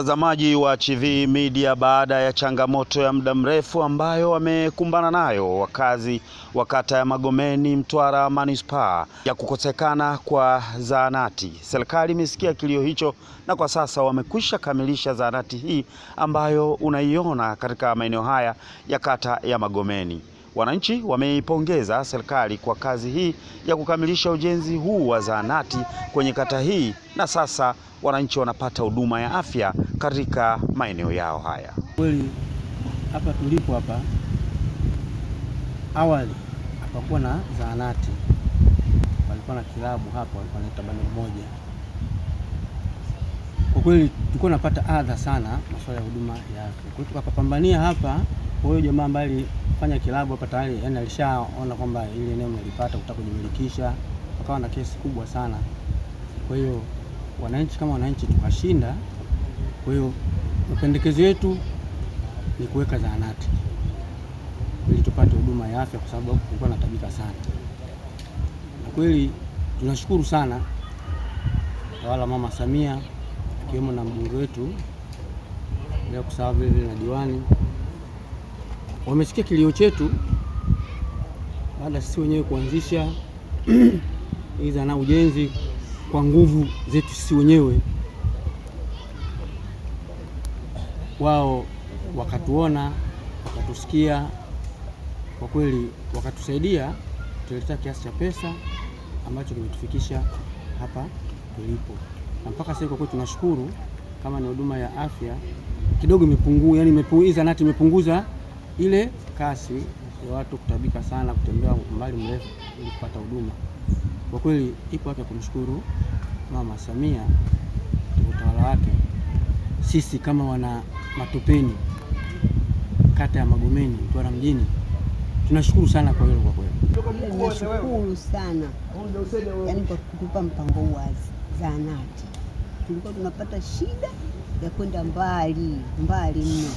Mtazamaji wa Chivihi Media, baada ya changamoto ya muda mrefu ambayo wamekumbana nayo wakazi wa kata ya Magomeni Mtwara manispaa ya kukosekana kwa zahanati, serikali imesikia kilio hicho na kwa sasa wamekwisha kamilisha zahanati hii ambayo unaiona katika maeneo haya ya kata ya Magomeni. Wananchi wameipongeza serikali kwa kazi hii ya kukamilisha ujenzi huu wa zahanati kwenye kata hii, na sasa wananchi wanapata huduma ya afya katika maeneo yao haya. Kweli hapa tulipo hapa, awali hapakuwa na zahanati, walikuwa na kilabu hapa, walikuwa na tabani moja. Kwa kweli tulikuwa tunapata adha sana masuala ya huduma ya afya, kwa hiyo tukapambania hapa kwa huyo jamaa mbali kufanya kilabu hapa tayari, yani alishaona kwamba ili eneo mlilipata kutaka kujimilikisha, akawa na kesi kubwa sana. Kwa hiyo wananchi kama wananchi tukashinda. Kwa hiyo mapendekezo yetu ni kuweka zahanati ili tupate huduma ya afya, kwa sababu kulikuwa natabika sana, na kweli tunashukuru sana tawala Mama Samia, ikiwemo na mbunge wetu bila kusahau vile vile na diwani wamesikia kilio chetu baada sisi wenyewe kuanzisha iza na ujenzi kwa nguvu zetu sisi wenyewe. Wao wakatuona, wakatusikia, kwa kweli wakatusaidia, tuletea kiasi cha pesa ambacho kimetufikisha hapa tulipo, na mpaka sasa kwa kweli tunashukuru. Kama ni huduma ya afya kidogo imepungua, yani hii zanati imepunguza ile kasi ya watu kutabika sana kutembea mbali mrefu ili kupata huduma. Kwa kweli ipo haki ya kumshukuru Mama Samia utawala wake. Sisi kama wana Matopeni, kata ya Magomeni, Mtwara mjini, tunashukuru sana kwa hilo. Kwa kweli tunashukuru sana yani, kwa kutupa mpango wazi wa zahanati. Tulikuwa tunapata shida ya kwenda mbali mbali mno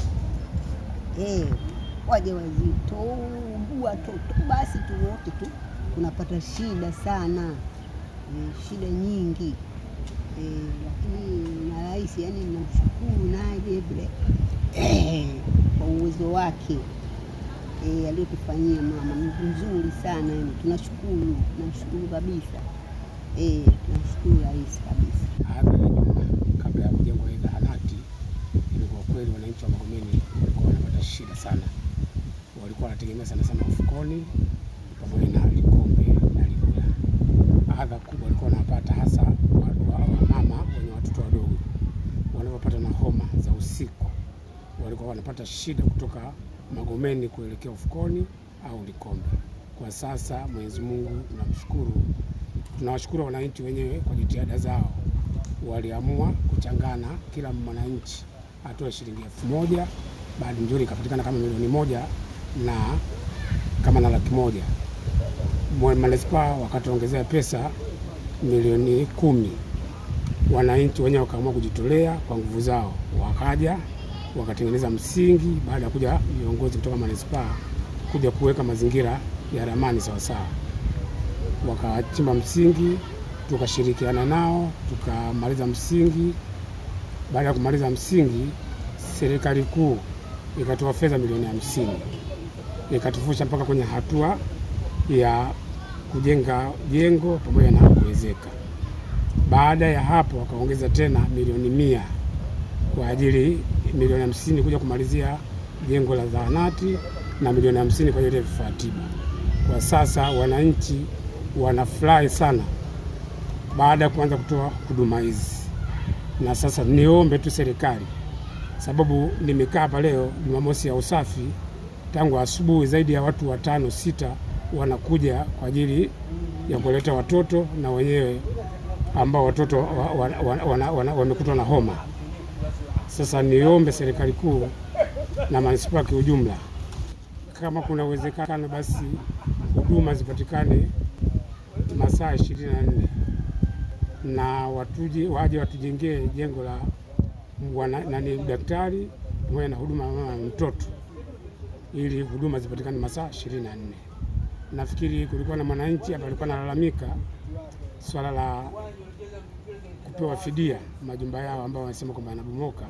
eh wajawazito, watoto, basi tu wote tu tunapata shida sana e, shida nyingi e, lakini na rais, yani namshukuru naye vilevile kwa uwezo wake e, aliyotufanyia mama, mzuri sana yani, tunashukuru, tunashukuru kabisa e, tunashukuru rais kabisa kabla ya kujenga zahanati ilikuwa kweli wananchi wa Magomeni walikuwa wanapata shida sana walikuwa wanategemea sana sana mfukoni pamoja na likombe na ligula. Adha kubwa walikuwa wanapata hasa wamama wenye watoto wadogo wanaopata na homa za usiku, walikuwa wanapata shida kutoka Magomeni kuelekea ufukoni au Likombe. Kwa sasa Mwenyezi Mungu tunamshukuru, tunawashukuru wananchi wenyewe kwa jitihada zao, waliamua kuchangana, kila mwananchi atoe shilingi elfu moja bahati nzuri ikapatikana kama milioni moja na kama na laki moja. Manispaa wakatuongezea pesa milioni kumi. Wananchi wenyewe wakaamua kujitolea kwa nguvu zao, wakaja wakatengeneza msingi, baada ya kuja viongozi kutoka manispaa kuja kuweka mazingira ya ramani sawasawa, wakachimba msingi, tukashirikiana nao tukamaliza msingi. Baada ya kumaliza msingi, serikali kuu ikatoa fedha milioni hamsini ikatufusha mpaka kwenye hatua ya kujenga jengo pamoja na kuwezeka. Baada ya hapo wakaongeza tena milioni mia kwa ajili milioni hamsini kuja kumalizia jengo la zahanati na milioni hamsini kwa ajili ya vifaa tiba. Kwa sasa wananchi wanafurahi sana baada ya kuanza kutoa huduma hizi, na sasa niombe tu serikali, sababu nimekaa hapa leo Jumamosi ya usafi tangu asubuhi, zaidi ya watu watano sita wanakuja kwa ajili ya kuleta watoto na wenyewe ambao watoto wamekutwa na homa. Sasa niombe serikali kuu na manispaa kiujumla, kama kuna uwezekano basi huduma zipatikane masaa ishirini na nne na watuje waje watujengee jengo la nani daktari pamoja na huduma mama mtoto ili huduma zipatikane masaa ishirini na nne. Nafikiri kulikuwa na mwananchi hapa alikuwa analalamika swala la kupewa fidia majumba yao ambao wanasema kwamba yanabomoka.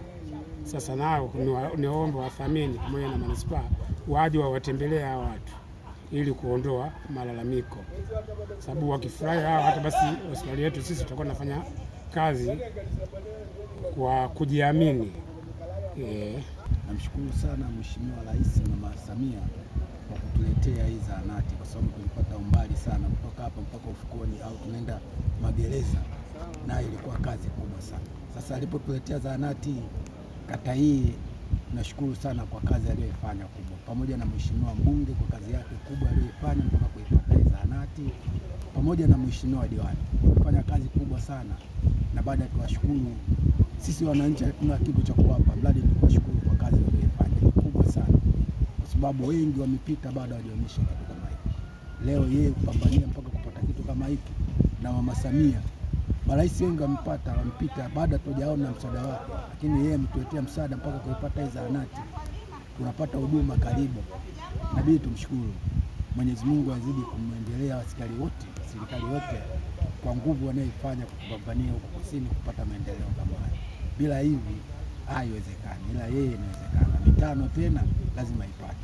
Sasa nao niwaombe wathamini pamoja na manispaa waje wawatembelee hao watu ili kuondoa malalamiko, sababu wakifurahi hao hata basi hospitali yetu sisi tutakuwa tunafanya kazi kwa kujiamini yeah. Namshukuru sana Mheshimiwa Rais Mama Samia kwa kutuletea hii zahanati, kwa sababu tulipata umbali sana kutoka hapa mpaka ufukoni au tunaenda magereza, na ilikuwa kazi kubwa sana. Sasa alipotuletea zahanati kata hii, nashukuru sana kwa kazi aliyoifanya kubwa, pamoja na Mheshimiwa mbunge kwa kazi yake kubwa aliyoifanya mpaka kuipata hii zahanati, pamoja na Mheshimiwa diwani wamefanya kazi kubwa sana, na baada ya kuwashukuru sisi wananchi, hatuna kitu cha kuwapa, mradi tuwashukuru sababu wengi wamepita bado hawajaonyesha kitu kama hiki. Leo yeye kupambania mpaka kupata kitu kama hiki, na mama Samia, marais wengi wamepata wamepita, bado hatujaona msaada wake, lakini yeye ametuletea msaada mpaka kuipata hii zahanati, tunapata huduma karibu. Inabidi tumshukuru Mwenyezi Mungu, azidi kumwendelea askari wote, serikali yote kwa nguvu wanayoifanya kupambania huko kusini kupata maendeleo kama haya. Bila hivi haiwezekani, ila yeye inawezekana. Mitano tena lazima ipate.